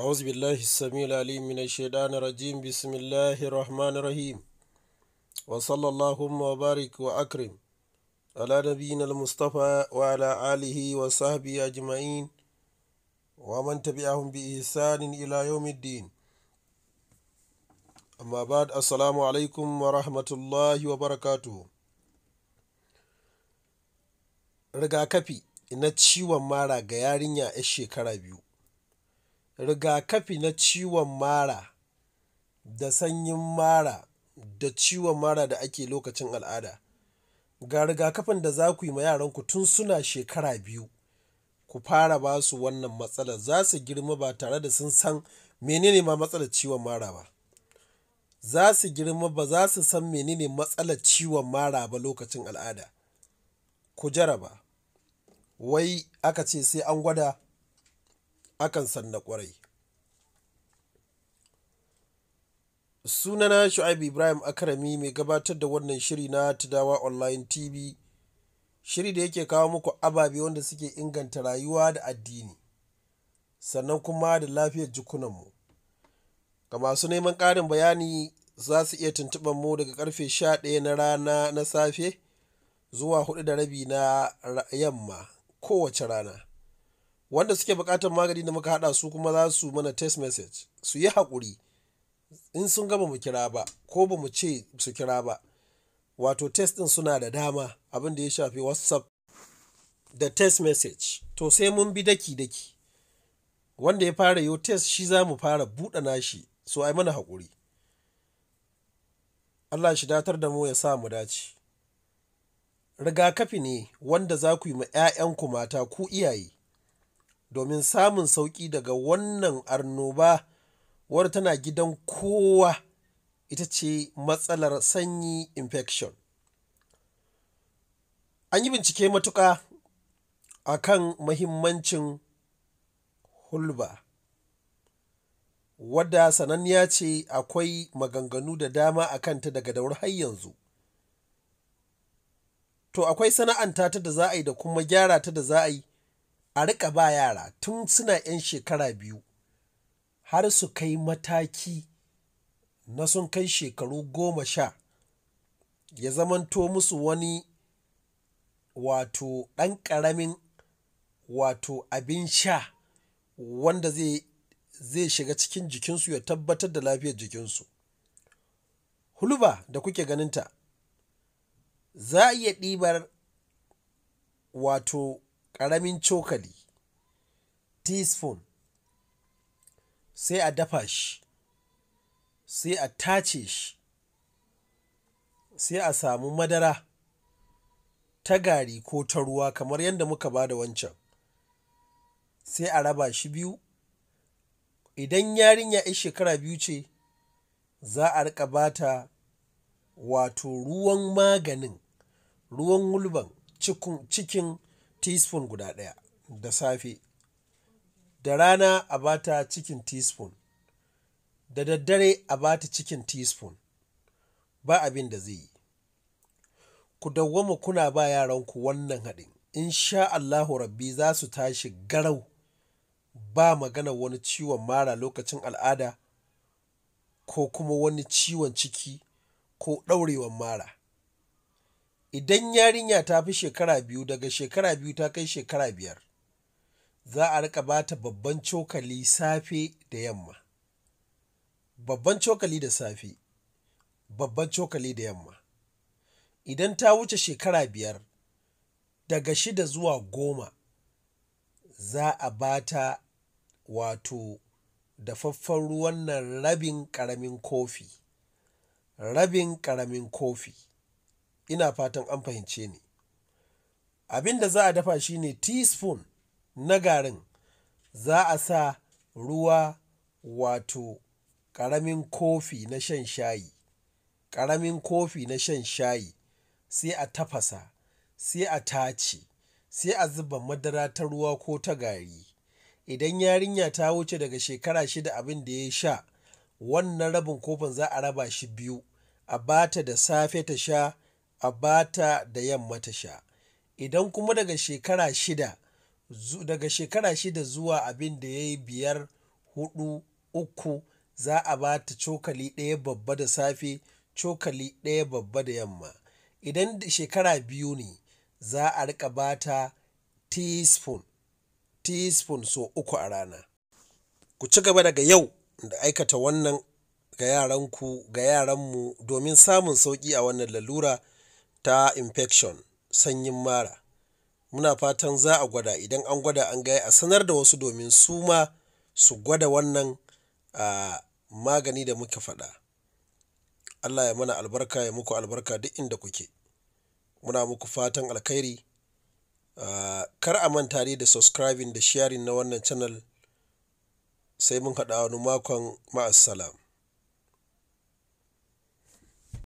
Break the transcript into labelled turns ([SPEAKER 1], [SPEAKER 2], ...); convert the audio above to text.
[SPEAKER 1] أعوذ بالله السميع العليم من الشيطان الرجيم بسم الله الرحمن الرحيم وصلى اللهم وبارك وأكرم على نبينا المصطفى وعلى آله وصحبه أجمعين ومن تبعهم بإحسان إلى يوم الدين أما بعد السلام عليكم ورحمة الله وبركاته rigakafi na ciwon mara ga yarinya 'yar shekara biyu rigakafi na ciwon mara da sanyin mara da ciwon mara da ake lokacin al'ada. Ga rigakafin da za ku yi ma yaranku tun suna shekara biyu. Ku fara ba su wannan matsalar za su girma ba tare da sun san menene ma matsalar ciwon mara ba. Za su girma ba za su san menene matsalar ciwon mara ba lokacin al'ada. Ku jaraba. Wai aka ce sai an gwada. akan sanna kwarai Sunana Shu'aibu Ibrahim Akarami mai gabatar da wannan shiri na Tudawa Online TV, shiri da yake kawo muku ababe wanda suke inganta rayuwa da addini, sannan kuma da lafiyar jikunanmu. Ga masu neman ƙarin bayani za su iya tuntuɓar mu daga karfe 11 na rana na safe zuwa hudu da rabi na yamma kowace rana. wanda suke bukatar magani da muka hada su kuma za su mana test message su yi haƙuri in sun gama mu kira ba ko ba mu ce su kira ba wato test ɗin suna da dama abin da ya shafi whatsapp da test message to sai mun bi daki-daki wanda ya fara yau test shi za mu fara buɗe nashi so ai mana hakuri Allah shi datar da mu ya sa mu dace rigakafi ne wanda za ku yi ma 'ya'yanku mata ku iyaye domin samun sauƙi daga wannan annoba wadda tana gidan kowa ita ce matsalar sanyi infection. An yi bincike matuƙa a kan mahimmancin hulba, wadda sananniya ce akwai maganganu da dama a kanta daga daur har yanzu. To akwai sana'anta ta da za a yi da kuma gyara ta da za a yi a rika ba yara tun suna 'yan shekara biyu har su kai mataki na sun kai shekaru goma sha ya zamanto musu wani wato ɗan ƙaramin wato abin sha wanda zai zai shiga cikin jikinsu ya tabbatar da lafiyar jikinsu hulba da kuke ganinta za a iya ɗibar wato ƙaramin cokali teaspoon sai a dafa shi sai a tace shi sai a samu madara ta gari ko ta ruwa kamar yadda muka ba da wancan sai a raba shi biyu idan yarinya ya shekara biyu ce za a riƙa ta wato ruwan maganin ruwan hulban cikin teaspoon guda ɗaya da safe, da rana a bata cikin teaspoon, da daddare a bata cikin teaspoon. Ba abin da zai yi. Ku dawwama kuna ba yaranku wannan haɗin. In sha Allahu rabbi za su tashi garau ba magana wani ciwon mara lokacin al'ada ko kuma wani ciwon ciki ko ɗaurewan mara. Idan yarinya ta fi shekara biyu daga shekara biyu ta kai shekara biyar, za a rika bata babban cokali safe da yamma, babban cokali da safe, babban cokali da yamma. Idan ta wuce shekara biyar, daga shida zuwa goma, za a ba ta wato dafaffen ruwan nan rabin karamin kofi, rabin karamin kofi. Ina fatan an fahimce ni. Abin da za a dafa shi ne teaspoon na garin. Za a sa ruwa wato ƙaramin kofi na shan shayi, ƙaramin kofi na shan shayi sai a tafasa, sai a tace, sai a zuba madara ta ruwa ko ta gari. Idan yarinya ta wuce daga shekara shida abin da ya sha, wannan rabin kofin za a raba shi biyu, a bata da safe ta sha a bata da yamma ta sha. Idan kuma daga shekara shida, daga shekara shida zuwa abin da ya yi biyar, hudu uku, za a ba ta cokali ɗaya babba da safe, cokali ɗaya babba da yamma. Idan shekara biyu ne, za a rika bata ta teaspoon, teaspoon so uku a rana. Ku ci gaba daga yau da aikata wannan ga yaranku, ga yaranmu domin samun sauƙi a wannan lalura. ta infection sanyin mara. Muna fatan za a gwada idan an gwada an ga a sanar da wasu domin su ma su gwada wannan, magani da muka faɗa. Allah ya mana albarka ya muku albarka duk inda kuke. Muna muku fatan alkhairi. kar a manta dai da subscribing da sharing na wannan channel. Sai mun haɗa wani makon. Ma'assalam.